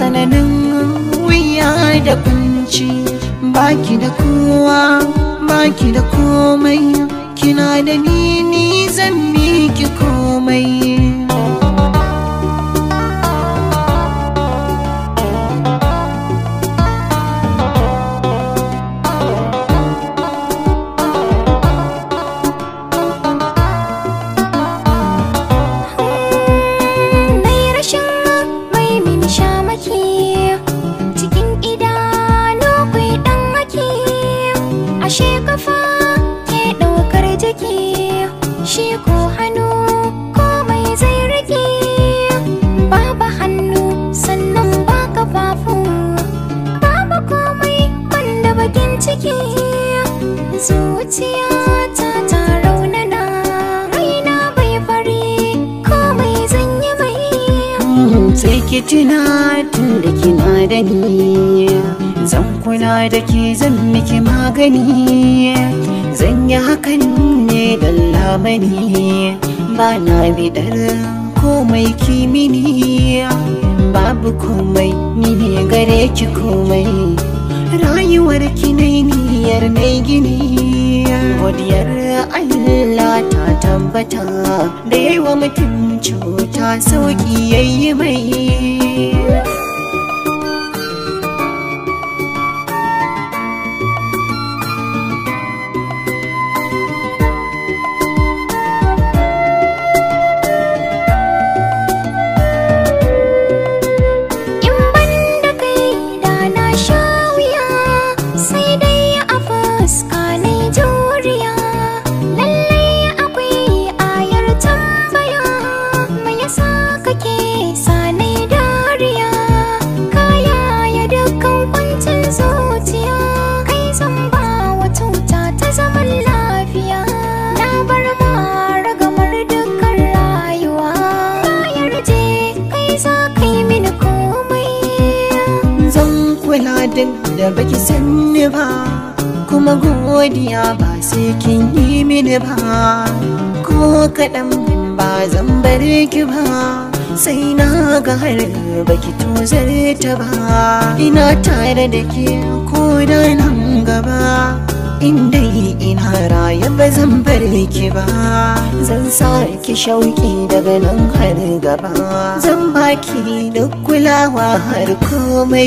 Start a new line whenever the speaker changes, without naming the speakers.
tsananin wuya da kunci baki da kowa baki da komai kina da ni ni zan miki komai
shi kafa ke ɗaukar jiki shi ko hannu komai zai rage babu hannu sannan ba kafafu babu komai banda bakin ciki zuciya ta
sai ki tuna tun da kina da ni zan kula da ke zan miki magani zan yi hakan ne don lamani ba na bidar komai mini babu komai ni ne gare ki komai rayuwar ki ne niyyar mai gini godiyar Allah ta tabbata da yawa mutum cuta sauki yayi
mai duk da baki san
ni ba kuma godiya ba sai kin yi mini ba ko kaɗan ba zan bar ki ba sai na ga har baki tozar ta ba ina tare da ke ko da nan gaba inda ina raya ba zan bar ki ba zan sa ki shauki daga nan har gaba zan baki da kulawa har komai